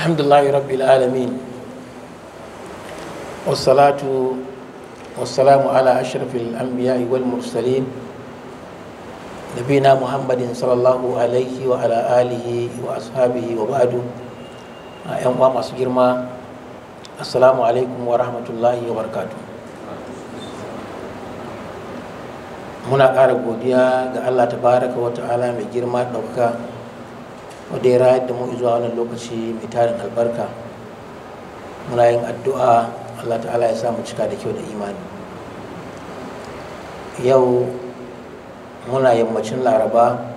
الحمد لله رب العالمين والصلاة والسلام على أشرف الأنبياء والمرسلين نبينا محمد صلى الله عليه وعلى آله وأصحابه وبعد أيام ما سجرما السلام عليكم ورحمة الله وبركاته muna ƙara godiya ga Allah tabaraka wa ta'ala mai girma ɗauka wadda ya rayar da mu zuwa wannan lokaci mai tarin albarka muna yin addu'a allah ta'ala ya samu cika da kyau da imani yau muna yammacin laraba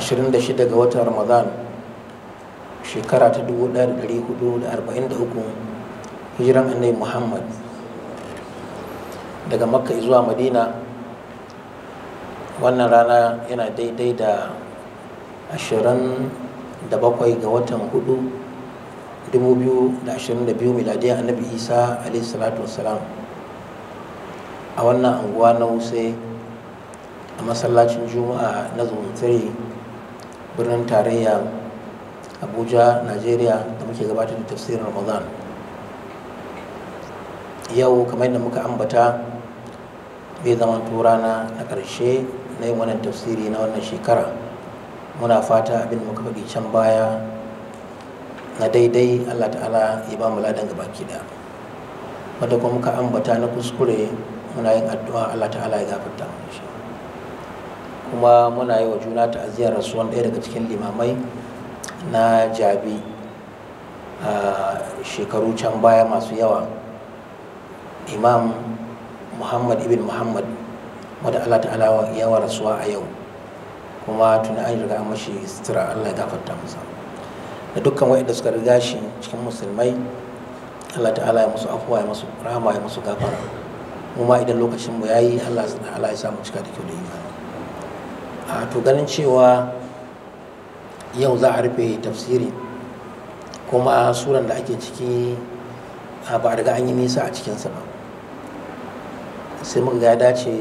26 ga watan ramadan shekara ta 1443 hijiran annabi muhammad daga makka zuwa madina wannan rana yana daidai da ashirin da bakwai ga watan hudu biyu miladiyar annabi isa alaihissalatu wassalam a wannan anguwa na wuse a masallacin juma'a na zumuntiri birnin tarayya abuja nigeria da muke gabatar da tafsirin ramadan yau kamar yadda muka ambata zai zama turana na ƙarshe na yin wannan tafsiri na wannan shekara muna fata abin da muka can baya na daidai allah ta'ala ya ba mu ladan baki da wanda kuma muka ambata na kuskure muna yin addu'a allah ta'ala ya gafarta mu shi kuma muna yi wa juna ta'aziyar rasuwan ɗaya daga cikin limamai na jabi a shekaru can baya masu yawa imam muhammad ibn muhammad wadda allah ta'ala yawa rasuwa a yau kuma tuni an riga mashi sutura Allah ya gafarta masa da dukkan waɗanda suka riga shi cikin musulmai Allah ta'ala ya musu afuwa ya musu rahama ya musu gafara mu idan lokacin mu yayi Allah Allah ya samu cika da kyau da imani a to ganin cewa yau za a rufe tafsiri kuma suran da ake ciki ba a riga an yi nisa a cikinsa ba sai muka ga ya dace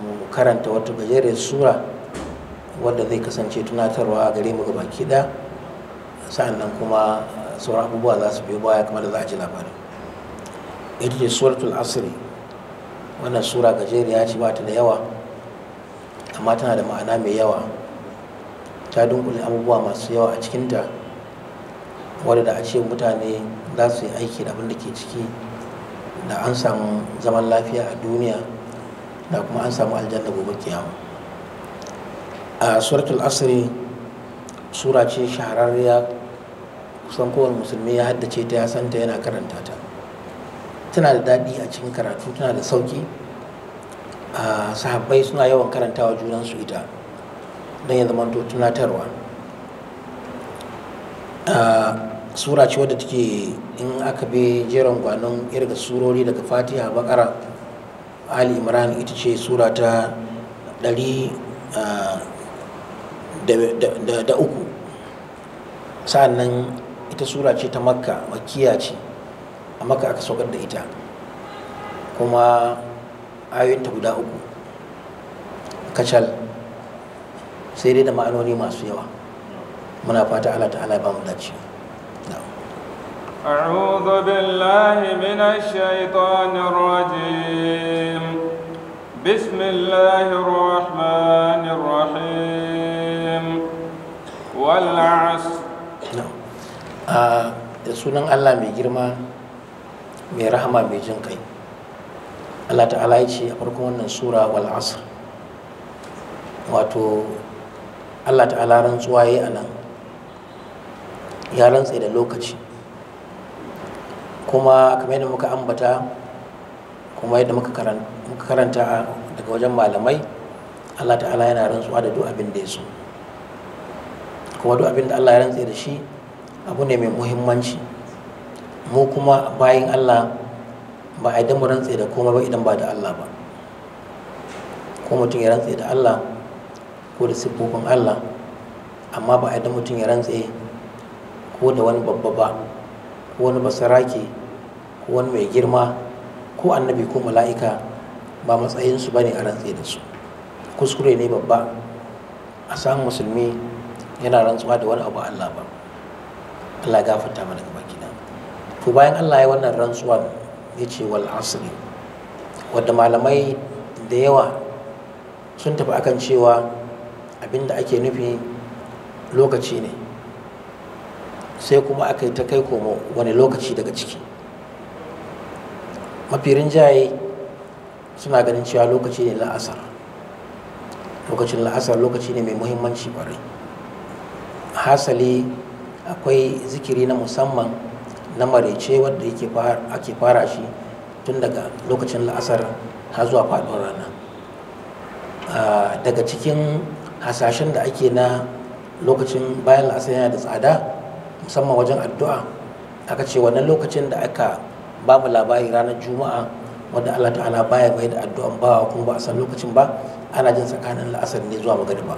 mu karanta wata gajeriyar sura wadda zai kasance tunatarwa gare mu ga gabaki ɗaya sa'annan kuma eh, sauran abubuwa za su biyo baya kamar da za a ji labarin ita ce suratul asiri wannan sura gajeriya ce ba ta da yawa amma tana da ma'ana mai yawa ta dunkule abubuwa masu yawa a cikinta wadda da a ce mutane za su yi aiki da abin da ke ciki da an samu zaman lafiya a duniya da kuma an samu aljanna gobe kiyama a suratul asiri sura ce shahararriya kusan kowane musulmi ya haddace ta ya santa yana karanta ta tana da daɗi a cikin karatu tana da sauƙi a sahabbai suna yawan karantawa junansu ita don ya zama to tunatarwa sura ce wadda take in aka bi jeron gwanon irga surori daga fatiha bakara ali imran ita ce sura ta ɗari. da uku sa'annan ita sura ce ta makka makiya ce a makka aka saukar da ita kuma ayoyinta guda uku kacal sai dai da ma'anoni masu yawa muna fata Ala ta'ala ba mu dace أعوذ بالله من الشيطان الرجيم بسم الله الرحمن الرحيم da sunan Allah mai girma mai rahama mai jin kai Allah ta'ala ya ce a farkon wannan sura wal asr wato Allah ta'ala rantsuwa yayi anan ya rantse da lokaci kuma kamar yadda muka ambata kuma yadda muka karanta daga wajen malamai Allah ta'ala yana rantsuwa da duk abin da ya so kuma duk abin da Allah ya rantse da shi abu ne mai muhimmanci mu kuma bayan Allah ba a mu rantse da komai ba idan ba da Allah ba ko mutum ya rantse da Allah ko da siffofin Allah amma ba a mutum ya rantse ko da wani babba ba ko wani basarake ko wani mai girma ko annabi ko mala'ika ba matsayinsu ba ne a rantse da su kuskure ne babba a samun musulmi yana rantsuwa da wani abu Allah ba Allah gafarta mana gaba gida to bayan Allah ya wannan rantsuwa ya ce wal asri wadda malamai da yawa sun tafi akan cewa abinda ake nufi lokaci ne sai kuma aka yi ta kai komo wani lokaci daga ciki mafi rinjaye suna ganin cewa lokaci ne la'asar lokacin la'asar lokaci ne mai muhimmanci kwarai hasali akwai zikiri na musamman na marece wadda ake fara shi tun daga lokacin la'asar har zuwa faɗin rana ah, daga cikin hasashen da ake na lokacin bayan la'asar yana da tsada musamman wajen addu'a aka ce wannan lokacin da aka ba mu labari ranar juma'a wanda allah ta'ala baya mai da addu'an bawa kuma ba a san lokacin ba ana jin tsakanin la'asar ne zuwa magariba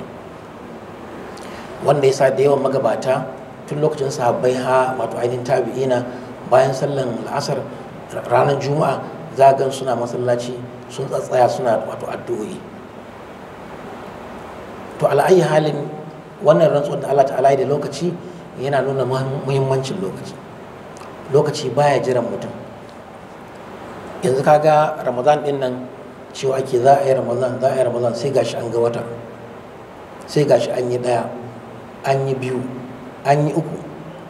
wanda ya sa da yawan magabata tun lokacin sahabbai ha wato ainihin tabi'ina bayan sallan la'asar ranar juma'a za a gan suna masallaci sun tsatsaya suna wato addu'o'i to ala'ayi halin wannan rantsuwar da Allah ta'ala da lokaci yana nuna muhimmancin lokaci lokaci baya jiran mutum yanzu kaga ramadan din nan cewa ake za a yi ramadan za a yi ramadan sai gashi an ga wata sai gashi an yi daya an yi biyu an yi uku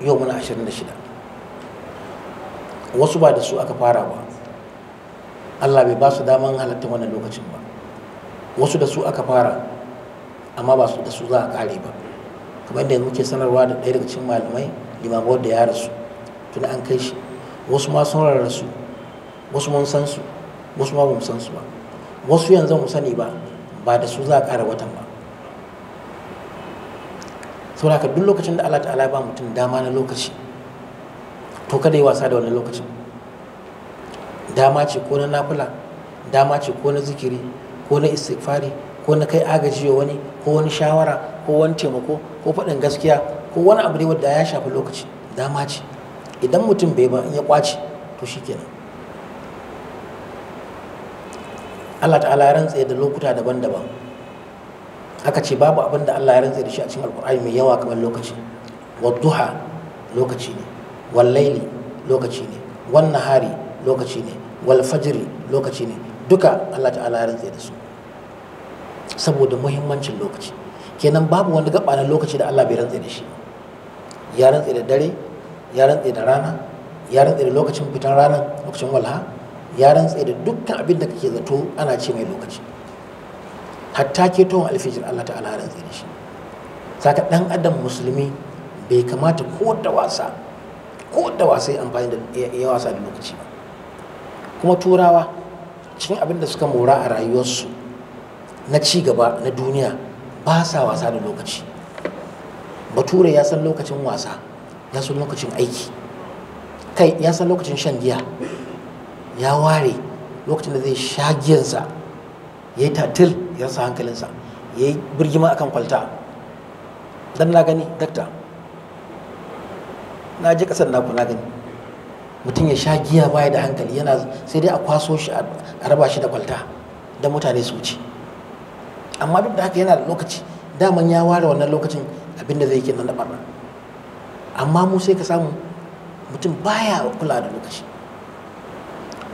yau muna ashirin da shida wasu ba da su aka fara ba allah bai ba su daman halatta wannan lokacin ba wasu da su aka fara amma ba su da su za a kare ba kamar da muke sanarwa da ɗaya daga cikin malamai limamu da ya rasu tun an kai shi wasu ma sun rarrasu wasu mun san su wasu ma ba san su ba wasu yanzu mu sani ba ba da su za a kara watan ba saboda haka duk lokacin da Allah ta'ala ba mutum dama na lokaci to kada yi wasa da wannan lokacin dama ce ko na nafila dama ce ko na zikiri ko na istighfari ko na kai agaji wa wani ko wani shawara ko wani taimako ko faɗin gaskiya ko wani abu ne wanda ya shafi lokaci dama ce idan mutum bai ba in ya kwace to shikenan Allah ta'ala ya rantsa da lokuta daban-daban aka ce babu abin da Allah ya rantse da shi a cikin alkur'ani mai yawa kamar lokaci wadduha lokaci ne wallaili lokaci ne Wannahari lokaci ne wal lokaci ne duka Allah ta'ala ya rantse da su saboda muhimmancin lokaci kenan babu wani gaba na lokaci da Allah bai rantsa da shi ya rantsa da dare ya rantsa da rana ya rantsa da lokacin fitan ranar lokacin walha ya rantse da dukkan abin da kake zato ana ce mai lokaci hatta ke ketowar alfijir Allah ta'ala har zai da shi ka ɗan adam musulmi bai kamata ko da wasa ko da wasa ya amfani da ya wasa da lokaci ba kuma turawa cikin abin da suka mora a rayuwarsu na ci gaba na duniya ba sa wasa da lokaci bature ya san lokacin wasa ya san lokacin aiki kai ya san lokacin shan giya ya ware lokacin da zai sha giyansa ya yi tatil ya sa hankalinsa ya yi birgima akan kwalta don na gani dakta na je kasar naku na gani mutum ya sha giya baya da hankali yana sai dai a kwaso shi a raba shi da kwalta da mutane su wuce amma duk da haka yana da lokaci daman ya ware wannan lokacin abinda zai ke nan da barna amma mu sai ka samu mutum baya kula da lokaci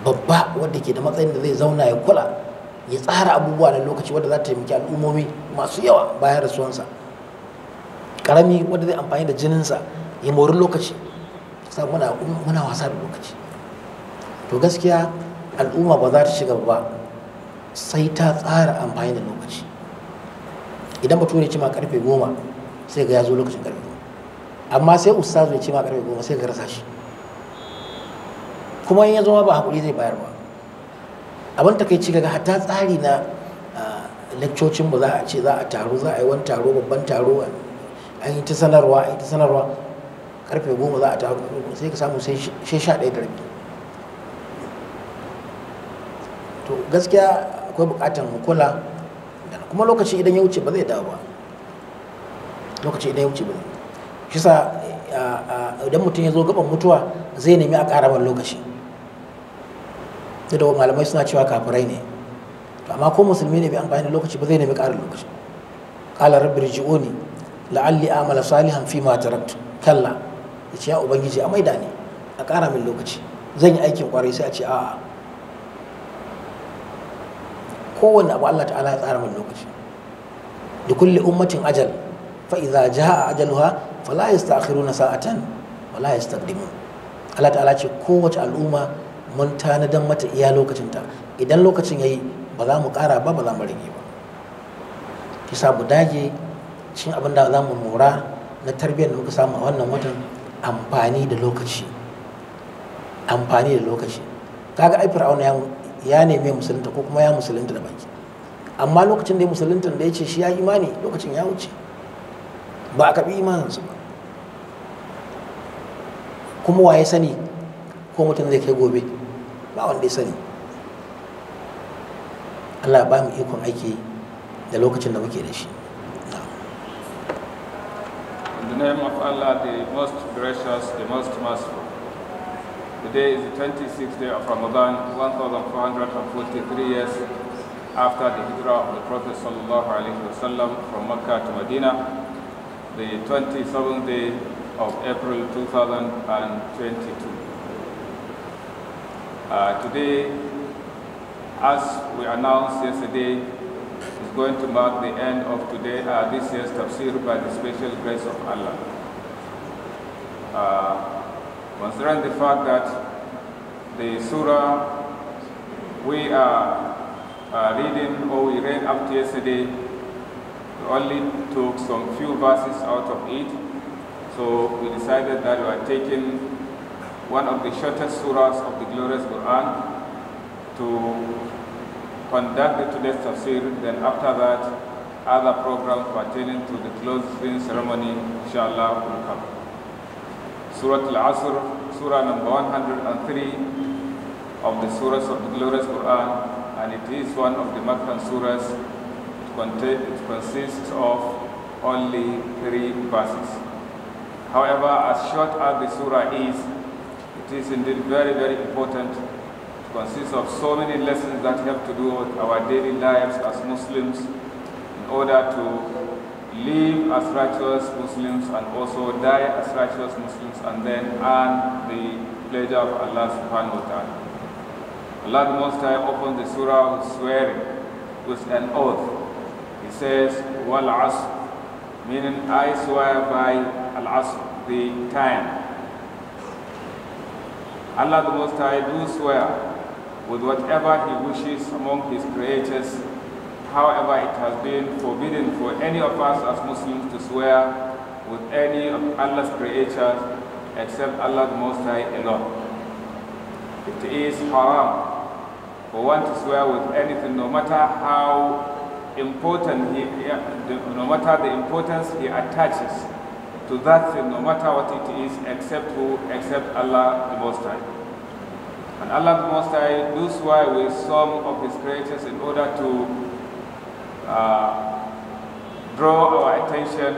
babba wadda ke da matsayin da zai zauna ya kula ya tsara abubuwa da lokaci wadda za ta taimaki al'ummomi masu yawa bayan rasuwansa karami wadda zai amfani da jininsa ya mori lokaci muna wasa da lokaci to gaskiya al'umma ba za ta shiga ba sai ta tsara amfani da lokaci idan mutum ya ce ma karfe goma sai ga ya zo lokacin karfe goma amma sai ustazu ya ce ma karfe goma sai ga rasa shi kuma in ya zo ba hakuri zai bayar ba abin takaici kaga hatta tsari na lakcocin mu za a ce za a taro za a yi wani taro babban taro an yi ta sanarwa an yi ta sanarwa karfe goma za a taro sai ka samu sai sha ɗaya da to gaskiya akwai buƙatar kula kuma lokaci idan ya wuce ba zai dawo ba lokaci idan ya wuce ba zai shi sa idan mutum ya zo gaban mutuwa zai nemi a ƙara lokaci sai da malamai suna cewa kafirai ne to amma ko musulmi ne bai amfani da lokaci ba zai nemi ƙarin lokaci qala rabbi rji'uni la'alli a'mala salihan fi ma taraktu kalla yace ya ubangiji a maida ne a ƙara min lokaci zan yi aikin kwarai sai a ce a'a kowanne abu Allah ta'ala ya tsara min lokaci da kulli ummatin ajal fa idza jaa ajaluha fala yasta'khiruna sa'atan wala yastaqdimun Allah ta'ala ce kowace al'umma mun tanadan mata iya lokacinta idan lokacin ya yi ba za mu ƙara ba ba za mu rage ba kisa mu dage cin abin da za mu mora na tarbiyyar da muka samu a wannan watan amfani da lokaci amfani da lokaci kaga ai fir'auna ya neme musulunta ko kuma ya musulunta da baki amma lokacin da ya musulunta da ya ce shi ya imani lokacin ya wuce ba a kaɓi imaninsu ba kuma waye sani ko mutum zai kai gobe sani Allah ba mu ikon aiki da lokacin da muke da shi In the name of Allah, the most gracious, the most merciful. Today is the 26th day of Ramadan, 1443 years after the hijrah of the Prophet wasallam from Mecca to Medina, the 27th day of April 2022. Uh, today, as we announced yesterday, is going to mark the end of today, uh, this year's tafsir by the special grace of Allah. Uh, considering the fact that the surah we are uh, reading or we read up to yesterday, we only took some few verses out of it, so we decided that we are taking one of the shortest surahs of the glorious Quran, to conduct today's tafsir. Then after that, other programs pertaining to the closing ceremony, inshallah, will come. Surah Al-Asr, Surah number 103 of the surahs of the glorious Quran, and it is one of the Makkan surahs. It, it consists of only three verses. However, as short as the surah is, it is indeed very, very important. It consists of so many lessons that have to do with our daily lives as Muslims in order to live as righteous Muslims and also die as righteous Muslims and then earn the pleasure of Allah subhanahu wa ta'ala. Allah Most High opened the surah with swearing, with an oath. He says, Wal Asr, meaning I swear by Al Asr, the time. Allah the Most High do swear with whatever he wishes among his creatures. However, it has been forbidden for any of us as Muslims to swear with any of Allah's creatures except Allah the Most High alone. It is haram for one to swear with anything no matter how important he, no matter the importance he attaches to that thing, no matter what it is, except who? Except Allah the Most High. And Allah the Most High does why with some of His creatures in order to uh, draw our attention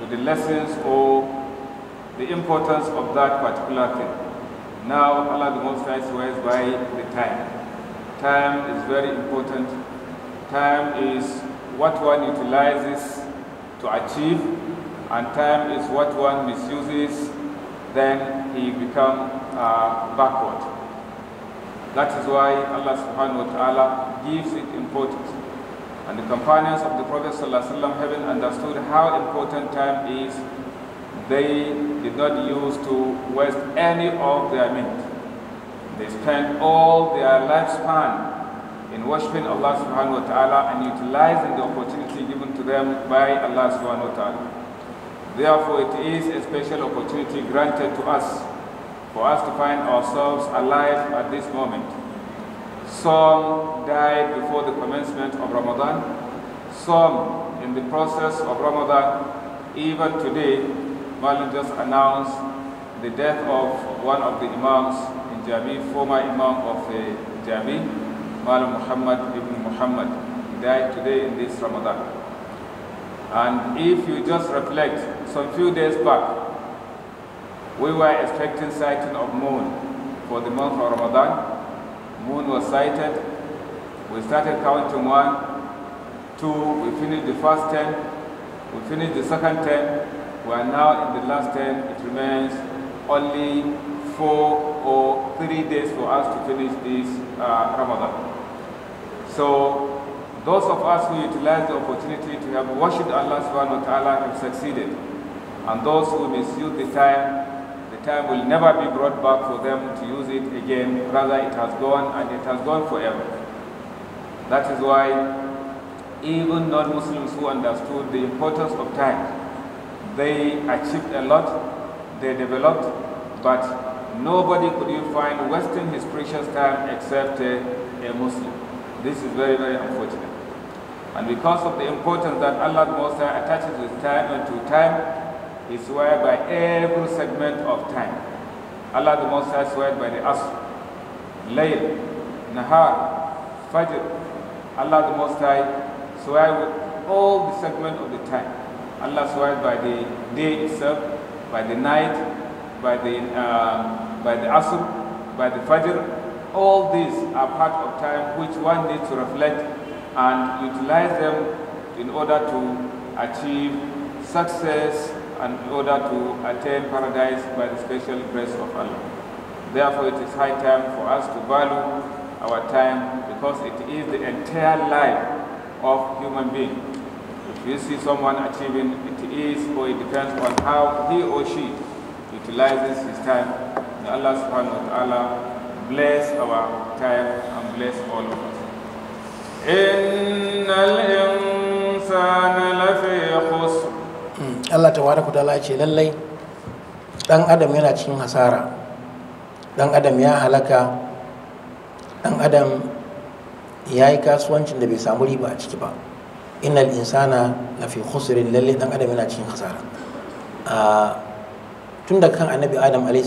to the lessons or the importance of that particular thing. Now Allah the Most High swears by the time. Time is very important. Time is what one utilizes to achieve and time is what one misuses, then he becomes uh, backward. That is why Allah subhanahu wa ta'ala gives it importance. And the companions of the Prophet ﷺ having understood how important time is, they did not use to waste any of their mint. They spent all their lifespan in worshipping Allah subhanahu wa ta'ala and utilizing the opportunity given to them by Allah subhanahu wa ta'ala. Therefore, it is a special opportunity granted to us for us to find ourselves alive at this moment. Some died before the commencement of Ramadan, some in the process of Ramadan. Even today, Malik just announced the death of one of the Imams in Jami, former Imam of uh, Jami, Muhammad ibn Muhammad. He died today in this Ramadan. And if you just reflect, some few days back, we were expecting sighting of moon for the month of Ramadan. Moon was sighted. We started counting one, two, we finished the first ten, we finished the second ten, we are now in the last ten, it remains only four or three days for us to finish this uh, Ramadan. So those of us who utilized the opportunity to have worshipped Allah subhanahu wa ta'ala have succeeded. And those who misuse the time, the time will never be brought back for them to use it again. Rather, it has gone and it has gone forever. That is why even non-Muslims who understood the importance of time, they achieved a lot, they developed, but nobody could you find wasting his precious time except a, a Muslim. This is very, very unfortunate. And because of the importance that Allah Most High attaches with time and to time, He swears by every segment of time. Allah the Most High swears by the Asr, Layl, Nahar, Fajr. Allah the Most High swears with all the segment of the time. Allah swears by the day itself, by the night, by the, um, by the Asr, by the Fajr. All these are part of time which one needs to reflect and utilize them in order to achieve success and in order to attain paradise by the special grace of Allah. Therefore, it is high time for us to value our time because it is the entire life of human being. If you see someone achieving, it is or it depends on how he or she utilizes his time. May Allah subhanahu wa ta'ala bless our time and bless all of us. Allah ta lafi khusr hmm. Allah tabaraka ce lallai dan adam yana cikin hasara dan adam ya halaka dan adam ya yi kasuwancin da bai samu riba a ciki ba innal insana lafi khusrin lallai dan adam yana cikin hasara tun da kan annabi adam alaihi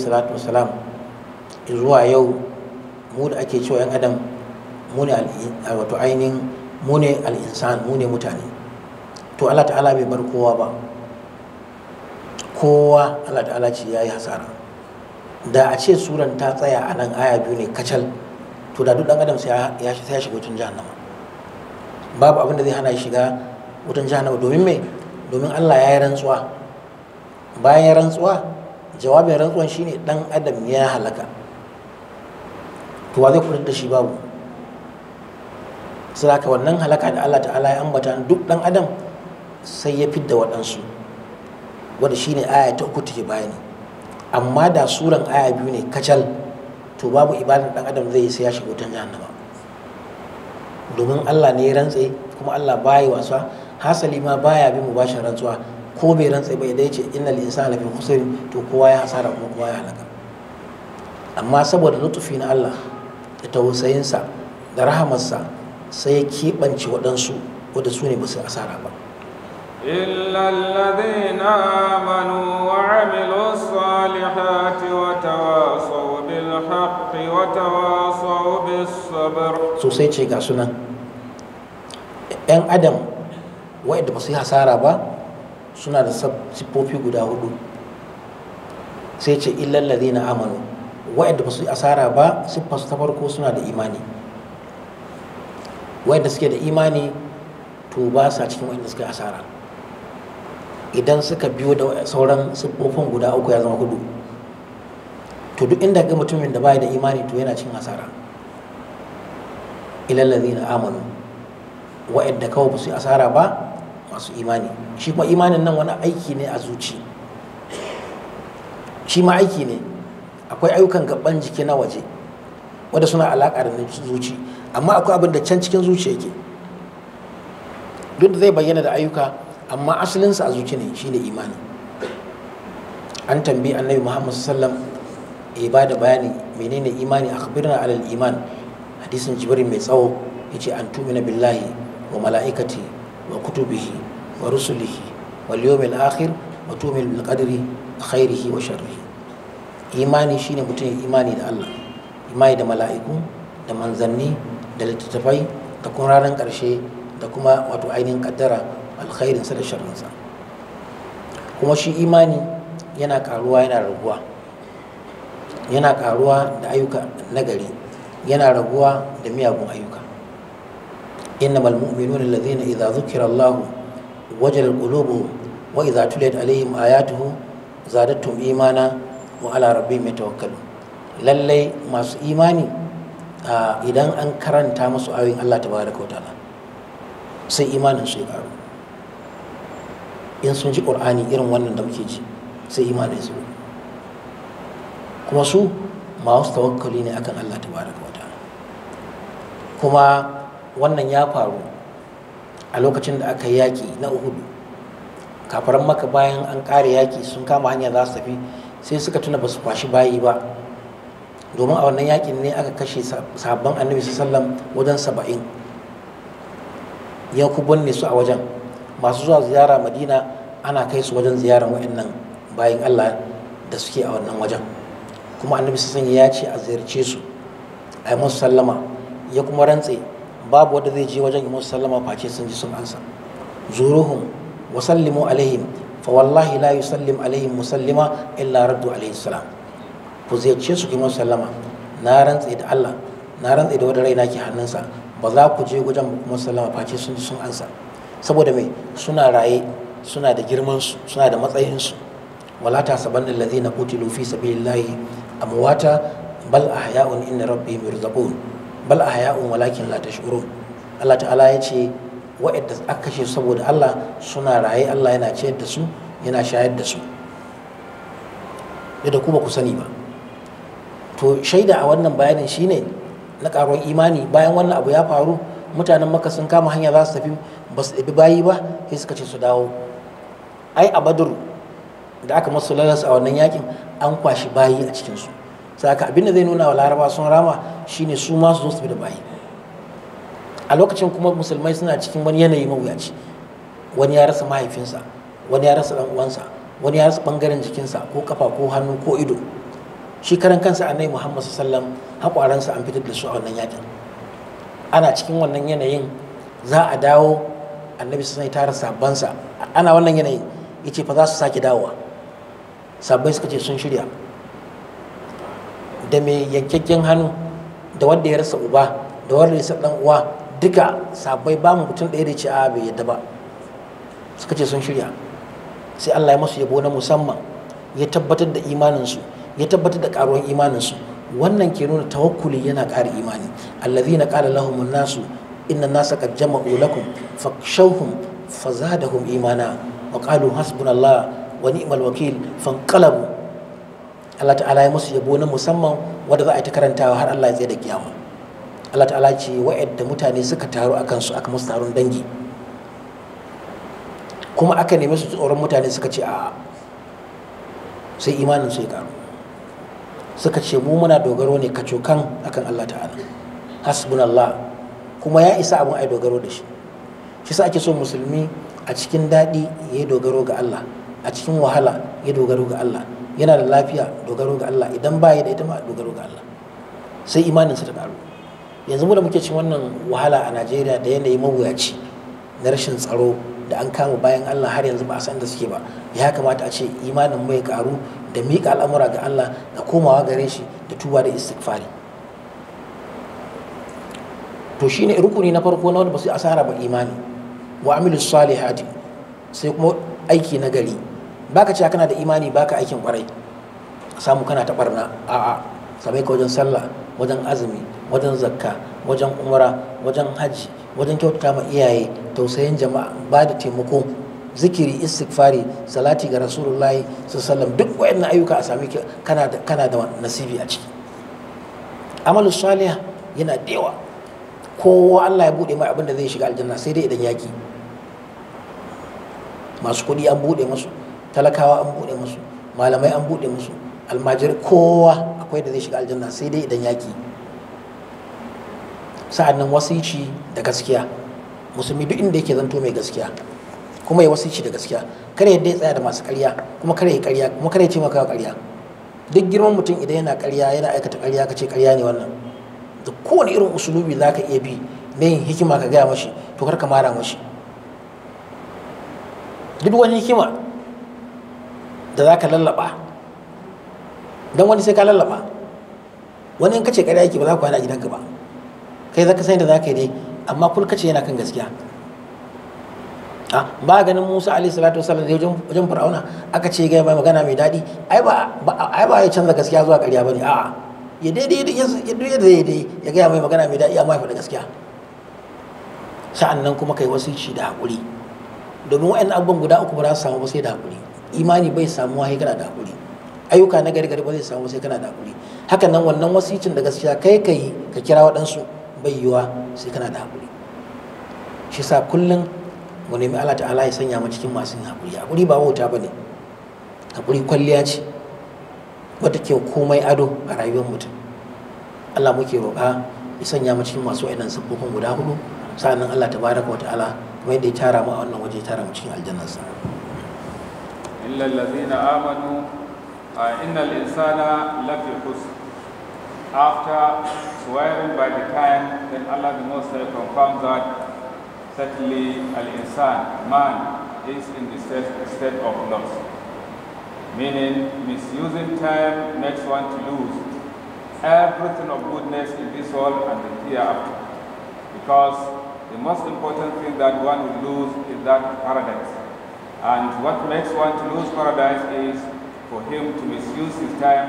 zuwa yau mu da ake cewa yan adam Mune wato ainihin mu al'insan mune mutane to Allah ta'ala bai bar kowa ba kowa Allah ta'ala ce ya yi hasara da a ce suran ta tsaya a nan aya biyu ne kacal to da duk ɗan adam sai ya shiga wutan jahannama babu abin da zai hana shiga wutan jahannama domin me domin Allah ya yi rantsuwa bayan ya rantsuwa jawabin rantsuwan shine ɗan adam ya halaka to wa zai fitar da shi babu saboda wannan halaka da Allah ta'ala ya ambata duk dan adam sai ya fidda waɗansu wanda shine aya ta uku take bayani amma da suran aya biyu ne kacal to babu ibadan dan adam zai sai ya hoton wutan jahannama domin Allah ne ya rantse kuma Allah baya wasa hasali ma baya bi mubashin rantsuwa ko bai rantse ba idan ya ce innal insana fi khusr to kowa ya hasara kuma kowa ya halaka amma saboda lutufi na Allah da tausayinsa da rahamarsa sai ya keɓance waɗansu wadda su ne ba su asara ba sosai ce ga وعملوا ‘yan adam wa'yanda ba su yi hasara ba suna da siffofi guda hudu sai ce illallari na amanu wa'yanda ba su yi asara ba siffarsu ta farko suna da imani wanda suke da imani to ba sa cikin wanda suke asara idan suka biyo da sauran siffofin guda uku ya zama hudu to duk inda ga mutumin da baya da imani to yana cikin asara ilal ladina amanu wa'anda kawai ba su asara ba masu imani shi kuma imanin nan wani aiki ne a zuci shi ma aiki ne akwai ayyukan gaban jiki na waje wanda suna alaƙa da zuci amma akwai abin da can cikin zuci yake duk da zai bayyana da ayyuka amma asalinsa a zuci ne shine imani an tambayi annabi muhammad sallam ya ba da bayani menene imani a kabirna alal iman hadisin jibril mai tsawo ya ce an tumina billahi wa mala'ikati wa kutubihi wa rusulihi wal yawmil akhir wa tu'minu qadri khairihi wa sharrihi imani shine mutum imani da Allah imai da mala'iku da manzanni da littattafai da kuma ranar ƙarshe da kuma wato ainihin ƙaddara alkhairinsa da sharrinsa kuma shi imani yana karuwa yana raguwa yana ƙaruwa da ayyuka nagari yana raguwa da miyagun ayyuka innamal mu'minuna alladhina idza dhukira Allah wajalat qulubuhum wa idza tuhu alaihim ayatuhu imana wa ala mai lallai masu imani idan an karanta masu ayoyin Allah ta baraka ta'ala sai imanin su ya karu in sun ji ƙur'ani irin wannan da muke ji sai imanin su kuma su masu tawakkali ne akan Allah ta baraka ta'ala kuma wannan ya faru a lokacin da aka yaƙi na uhudu kafaran maka bayan an ƙare yaƙi sun kama hanyar za su tafi sai suka tuna ba su kwashi bayi ba domin a wannan yakin ne aka kashe sabon annabi sallam wajen saba'in ya ku ne su a wajen masu zuwa ziyara madina ana kai su wajen ziyarar wa'annan bayan allah da suke a wannan wajen kuma annabi sassan ya ce a ziyarce su a yi musu sallama ya kuma rantse babu wanda zai je wajen yi musu sallama face sun ji sun ansa zuruhum wa alaihim fa wallahi la yusallim alaihim musallima illa raddu alaihi salam ku ziyarce su kuma sallama na rantse da Allah na rantse da wanda raina ke hannunsa ba za ku je wajen kuma sallama face sun sun ansa saboda me suna raye suna da girman su suna da matsayin su wala ta saban allazina kutilu fi sabilillahi amwata bal ahya'un inna rabbi yurzaqun bal ahya'un walakin la tash'urun Allah ta'ala ya ce wa'anda aka kashe saboda Allah suna raye Allah yana ciyar da su yana shayar da su da ku ba ku sani ba to shaida a wannan bayanin shine na karuwar imani bayan wannan abu ya faru mutanen maka sun kama hanya za su tafi ba su ɗabi bayi ba sai suka ce su dawo ai a badur da aka masu lalasa a wannan yakin an kwashi bayi a cikinsu saka abin da zai nuna wa laraba sun rama shine su ma su zo su bi da bayi a lokacin kuma musulmai suna cikin wani yanayi mawuyaci wani ya rasa mahaifinsa wani ya rasa ɗan uwansa wani ya rasa ɓangaren jikinsa ko kafa ko hannu ko ido shi karan kansa annabi muhammad sallam haƙwaransa an fitar da su a wannan yakin ana cikin wannan yanayin za a dawo annabi sun tara sabbansa ana wannan yanayi yace fa za su sake dawowa sabbai suka ce sun shirya da mai yankakken hannu da wanda ya rasa uba da wanda ya rasa dan uwa duka sabai ba mu mutum ɗaya da ce a bai yadda ba suka ce sun shirya sai Allah ya masu yabo na musamman ya tabbatar da imanin su ya tabbatar da karuwan imaninsu wannan ke nuna tawakkuli yana ƙara imani na qala lahum nasu inna nasa qad jama'u lakum fakshawhum fazadahum imana wa qalu hasbunallah wa ni'mal wakil fanqalabu Allah ta'ala ya musu yabo na musamman wanda za a yi ta karantawa har Allah ya tsaye da kiyama Allah ta'ala ce wa'adda mutane suka taru a kansu aka musu taron dangi kuma aka nemi su tsoron mutane suka ce a sai imanin su ya karu suka ce mu muna dogaro ne ka kacokan akan Allah ta'ala hasbunallah kuma ya isa abin ai dogaro da shi shi sa ake so musulmi a cikin daɗi ya dogaro ga Allah a cikin wahala ya dogaro ga Allah yana da lafiya dogaro ga Allah idan ba ya da ita ma dogaro ga Allah sai imaninsa ta ƙaru yanzu mu da muke cin wannan wahala a Najeriya da yanayi mawuyaci na rashin tsaro da an kama bayan Allah har yanzu ba a san da suke ba ya kamata a ce imanin mu ya ƙaru da miƙa al'amura ga Allah da komawa gare shi da tuba da istighfari to shine rukuni na farko na wanda ba su asara ba imani wa amilu salihati sai kuma aiki na gari baka cewa kana da imani baka aikin kwarai samu kana ta barna a'a sabai ka wajen sallah wajen azumi wajen zakka wajen umara wajen haji wajen kyautata ma iyaye tausayin jama'a ba da taimako zikiri istighfari salati ga rasulullahi sallam duk wayannan ayyuka a sami kana da da nasibi a ciki amalus salih yana dewa kowa Allah ya bude mai abin da zai shiga aljanna sai dai idan yaki masu kudi an bude musu talakawa an bude musu malamai an bude musu almajiri kowa akwai da zai shiga aljanna sai dai idan yaki sa'annan wasici da gaskiya musulmi duk inda yake zanto mai gaskiya kuma ya wasici da gaskiya kare yadda ya tsaya da masu karya kuma kare ya karya kuma kare ya ya karya duk girman mutum idan yana karya yana aikata karya ka ce ne wannan da kowane irin usulubi za ka iya bi na yin hikima ka gaya mashi to kar ka mara mashi duk wani hikima da za ka lallaba don wani sai ka lallaba wani in ka ce yake ba za ku hana gidanka ba kai za ka san da za ka yi dai amma kulkace yana kan gaskiya Ah, ba ganin Musa alaihi salatu wasallam da wajen Fir'auna aka ce ga mai magana mai daɗi ai ba ai ba ya canza gaskiya zuwa ƙarya bane a'a ya daidai ya daidai daidai ya ga mai magana mai daɗi amma ya faɗa gaskiya sa'annan kuma kai wasici da haƙuri domin wa'annan abubuwan guda uku ba za su samu ba sai da haƙuri imani bai samu sai kana da haƙuri ayyuka na gari gari ba zai samu sai kana da haƙuri haka nan wannan wasicin da gaskiya kai kai ka kira waɗansu bai yiwa sai kana da haƙuri shi sa kullum mu nemi Allah ta'ala ya sanya mu cikin masu hakuri hakuri ba wauta bane hakuri kwalliya ce wata ke komai ado a rayuwar mutum Allah muke roƙa ya sanya mu cikin masu wa'annan sabbobin guda hudu sa'annan Allah tabaraka wa ta'ala kuma yadda ya tara mu a wannan waje ya tara mu cikin sa illa allazina amanu innal insana lafi husn after swearing by the time then Allah the most high confirms that Certainly, al-insan, man, is in the state of loss. Meaning, misusing time makes one to lose everything of goodness in this world and the hereafter. Because the most important thing that one will lose is that paradise. And what makes one to lose paradise is for him to misuse his time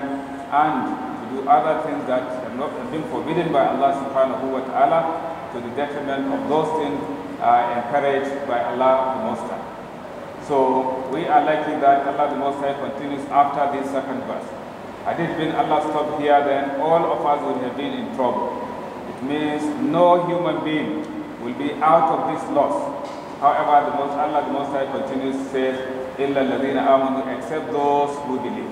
and to do other things that have not been forbidden by Allah subhanahu wa ta'ala to the detriment of those things are encouraged by Allah the Most High. So we are likely that Allah the Most High continues after this second verse. Had it been Allah stopped here, then all of us would have been in trouble. It means no human being will be out of this loss. However, the most, Allah the Most High continues says, إِلَّا الَّذِينَ آمَنُوا except those who believe,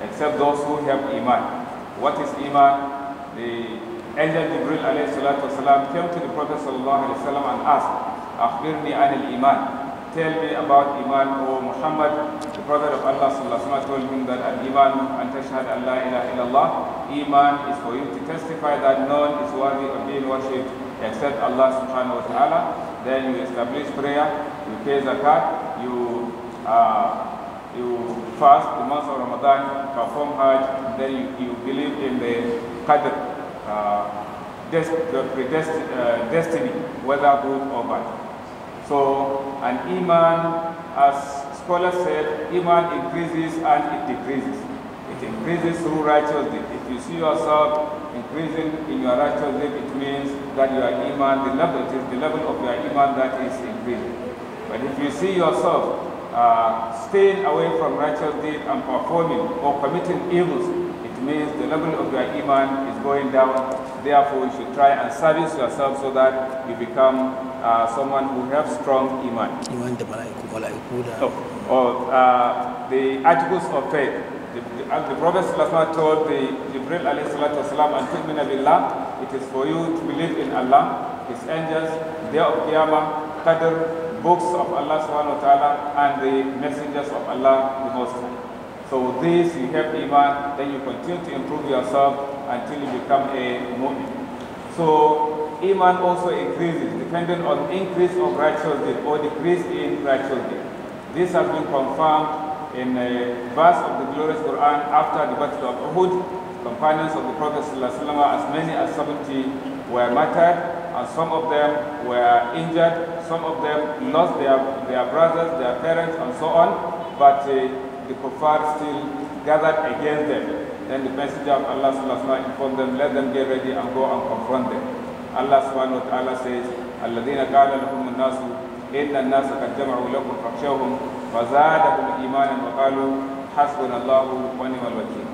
except those who have iman. What is iman? The then Jibril والسلام, came to the Prophet وسلم, and asked, Tell me about iman, O Muhammad. The Prophet of Allah وسلم, told him that an iman and Allah illallah. Iman is for you to testify that none is worthy of being worshipped except Allah subhanahu wa ta'ala. Then you establish prayer, you pay zakat, you uh, you fast the month of Ramadan, perform Hajj, then you, you believe in the Qadr, uh, dest the uh, destiny, whether good or bad. So an iman, as scholars said, iman increases and it decreases. It increases through righteousness. If you see yourself increasing in your righteousness, it means that your iman, the level, it is the level of your iman that is increasing. But if you see yourself uh, staying away from righteous and performing or committing evils, it means the level of your iman is going down. Therefore, you should try and service yourself so that you become uh, someone who has strong iman. No. Or uh, the articles of faith. The, the, the Prophet told the Jibril alayhi salatu wasalam, and it is for you to believe in Allah, His angels, the day of Qiyamah, Qadr, books of Allah subhanahu wa ta'ala, and the messengers of Allah, the Most High. So with this, you have Iman, then you continue to improve yourself until you become a mu'min. So Iman also increases depending on increase of righteousness or decrease in righteousness. This has been confirmed in a verse of the glorious Quran after the battle of Uhud. Companions of the Prophet as many as 70 were martyred and some of them were injured, some of them lost their, their brothers, their parents and so on. But uh, the kuffar still gathered against them. Then the messenger of Allah subhanahu informed them, let them get ready and go and confront them. Allah subhanahu wa ta'ala says, الَّذِينَ قَالَ لَهُمُ النَّاسُ إِنَّ النَّاسَ قَدْ جَمَعُوا لَكُمْ فَاخْشَوْهُمْ فَزَادَهُمْ إِيمَانًا وَقَالُوا حَسْبُنَا اللَّهُ وَنِعْمَ الْوَكِيلُ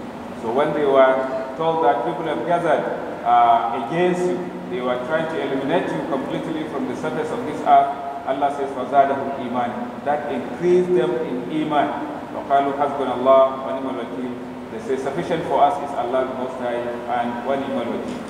So when they were told that people have gathered uh, against you, they were trying to eliminate you completely from the surface of this earth, Allah says, فَزَادَهُمْ إِيمَانًا That increased them in iman. وقالوا حسبنا الله ونعم الوكيل they say sufficient for us is Allah the Most High and ونعم الوكيل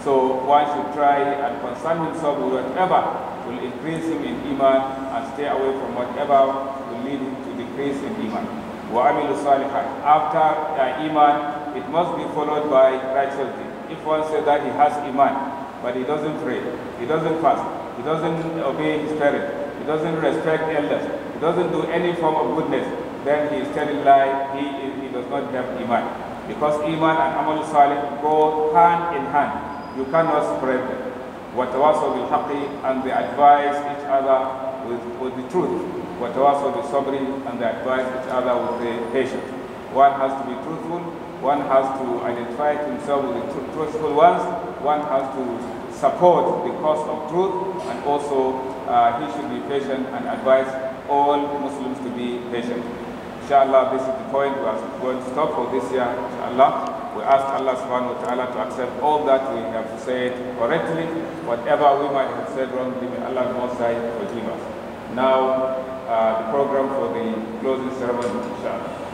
so one should try and concern himself with whatever will increase him in iman and stay away from whatever will lead him to decrease in iman وعمل الصالحات after uh, iman it must be followed by righteous deed if one says that he has iman but he doesn't pray, he doesn't fast, he doesn't obey his parents, he doesn't respect elders, he doesn't do any form of goodness, then he is telling lie, he, is, he does not have Iman. Because Iman and Amal Salih go hand in hand. You cannot spread them. وَتَوَاسَوْ happy And they advise each other with, with the truth. وَتَوَاسَوْ suffering And they advise each other with the patience. One has to be truthful, one has to identify himself with the truthful ones, one has to support the cause of truth, and also uh, he should be patient and advise all Muslims to be patient. Inshallah, this is the point we are going to stop for this year, inshallah. We ask Allah subhanahu wa ta'ala to accept all that we have said correctly. Whatever we might have said wrongly, may Allah Most High forgive us. Now, uh, the program for the closing ceremony, inshallah.